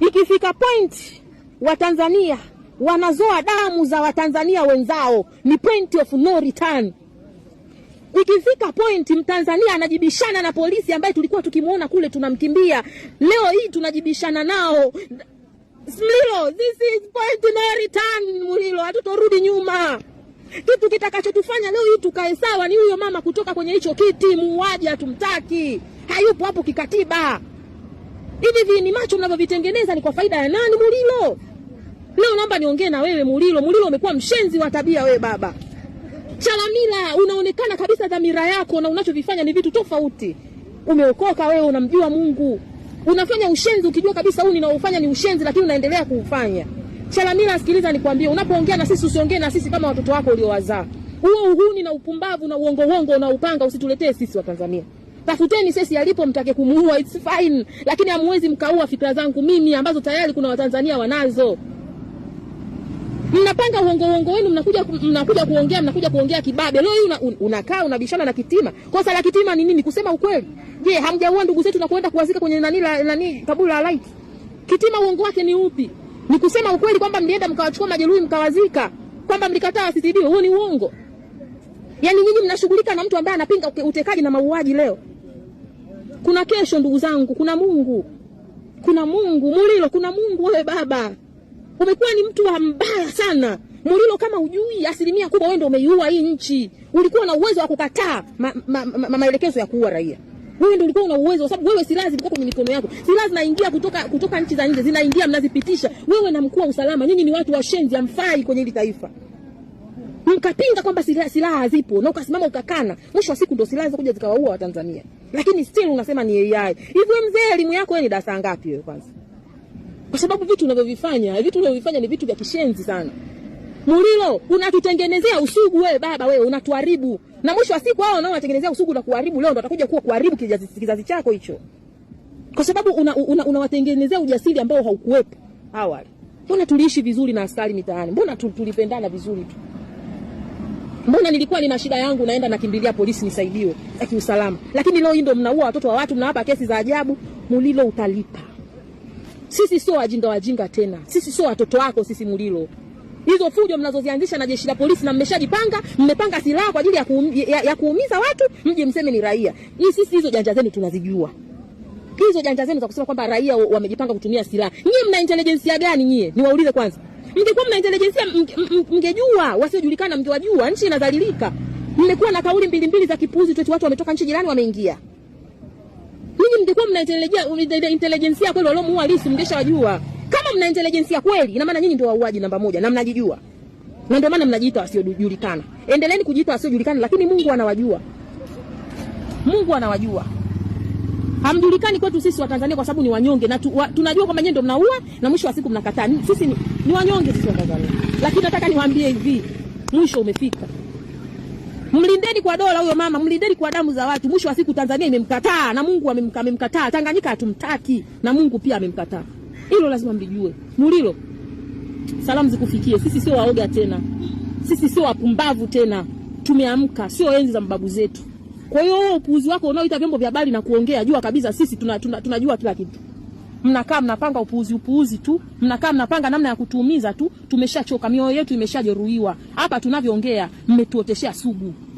Ikifika point Watanzania wanazoa damu za Watanzania wenzao, ni point of no return. Ikifika point Mtanzania anajibishana na polisi ambaye tulikuwa tukimwona kule tunamkimbia, leo hii tunajibishana nao. Mlilo, this is point no return. Mlilo, hatutorudi nyuma. Kitu kitakachotufanya leo hii tukae sawa ni huyo mama kutoka kwenye hicho kiti, muuaji hatumtaki, hayupo hapo kikatiba. Hivi hivi ni macho mnavyovitengeneza ni kwa faida ya nani? Mulilo, leo naomba niongee na wewe Mulilo. Mulilo, umekuwa mshenzi wa tabia wewe baba Chalamila. Unaonekana kabisa dhamira yako na unachovifanya ni vitu tofauti. Umeokoka wewe, unamjua Mungu, unafanya ushenzi ukijua kabisa huu ninaofanya ni ushenzi, lakini unaendelea kuufanya. Chalamila, sikiliza nikwambie, unapoongea na sisi usiongee na sisi kama watoto wako uliowazaa. Huo uhuni na upumbavu na uongo uongo unaupanga usituletee sisi wa Tanzania. Tafuteni Cecy alipo, mtake kumuua, it's fine, lakini hamwezi mkaua fikra zangu mimi ambazo tayari kuna watanzania wanazo. Mnapanga uongo uongo wenu, mnakuja mnakuja kuongea mnakuja kuongea kibabe. Leo hii unakaa unabishana na Kitima. Kosa la Kitima ni nini? Kusema ukweli. Je, hamjaua ndugu zetu na kuenda kuwazika kwenye nani la nani kaburi la light Kitima uongo wake ni upi? Ni kusema ukweli kwamba mlienda mkawachukua majeruhi mkawazika, kwamba mlikataa CCD. Huo ni uongo. Yaani nyinyi mnashughulika na mtu ambaye anapinga utekaji na mauaji leo. Kuna kesho ndugu zangu, kuna Mungu, kuna Mungu. Mulilo, kuna Mungu. Wewe baba umekuwa ni mtu wa mbaya sana Mulilo, kama ujui asilimia kubwa wewe ndio umeiua hii nchi. Ulikuwa na uwezo wa kukataa ma, ma, ma, ma, maelekezo ya kuua raia. Wewe ndio ulikuwa una uwezo, kwa sababu wewe silaha zilikuwa kwenye mikono yako. Silaha zinaingia kutoka, kutoka nchi za nje zinaingia, mnazipitisha. Wewe na mkuu wa usalama, nyinyi ni watu washenzi, hamfai kwenye hili taifa mkapinga kwamba silaha hazipo na ukasimama ukakana, mwisho wa siku ndo silaha zikuja zikawaua Watanzania, lakini still unasema ni AI. Hivyo mzee, elimu yako wewe ni darasa ngapi wewe kwanza? Kwa sababu vitu unavyovifanya vitu unavyovifanya ni vitu vya kishenzi sana. Mulilo, unatutengenezea usugu wewe baba, wewe unatuharibu, na mwisho wa siku wao nao wanatengenezea usugu na kuharibu. Leo ndo atakuja kuwa kuharibu kizazi, kizazi chako hicho, kwa sababu unawatengenezea una, una ujasiri ambao haukuwepo awali. Mbona tuliishi vizuri na askari mitaani? Mbona tulipendana vizuri tu? Mbona nilikuwa nina shida yangu naenda nakimbilia polisi nisaidiwe ya kiusalama. Lakini leo hii ndo mnaua watoto wa watu, mnawapa kesi za ajabu, Mulilo utalipa. Sisi sio wajinga wajinga tena. Sisi sio watoto wako sisi Mulilo. Hizo fujo mnazozianzisha na jeshi la polisi na mmeshajipanga, mmepanga silaha kwa ajili ya, kuum, ya, ya kuumiza watu, mje mseme ni raia. Ni sisi hizo janja zenu tunazijua. Hizo janja zenu za kusema kwamba raia wamejipanga kutumia silaha. Nyie mna intelligence gani nyie? Niwaulize kwanza. Mngekuwa mna intelijensia, mngejua, wasiojulikana mngewajua. Nchi inadhalilika. Mmekuwa na kauli mbili mbili za kipuzi tu, watu wametoka nchi jirani wameingia. Ninyi mngekuwa mna intelijensia kweli, waliomuua Lissu mngeshawajua. Kama mna intelijensia kweli, ina maana nyinyi ndio wauaji namba moja na mnajijua, na ndio maana mnajiita wasiojulikana. Endeleeni kujiita wasiojulikana, lakini Mungu anawajua. Mungu anawajua hamjulikani kwetu sisi Watanzania kwa sababu ni wanyonge na tu, wa, tunajua kwamba nyinyi ndio mnaua na mwisho wa siku mnakataa. Sisi ni, ni wanyonge sisi Watanzania, lakini nataka niwaambie hivi, mwisho umefika. Mlindeni kwa dola huyo mama, mlindeni kwa damu za watu. Mwisho wa siku Tanzania imemkataa na Mungu amemkataa, Tanganyika hatumtaki na Mungu pia amemkataa. Hilo lazima mlijue. Mulilo, salamu zikufikie. Sisi sio waoga tena, sisi sio wapumbavu tena, tumeamka, sio enzi za mababu zetu. Kwa hiyo huo upuuzi wako unaoita vyombo vya habari na kuongea, jua kabisa sisi tunajua tuna, tuna, tuna kila kitu. Mnakaa mnapanga upuuzi upuuzi tu, mnakaa mnapanga namna ya kutuumiza tu. Tumeshachoka, mioyo yetu imeshajeruhiwa. Hapa tunavyoongea mmetuoteshea sugu.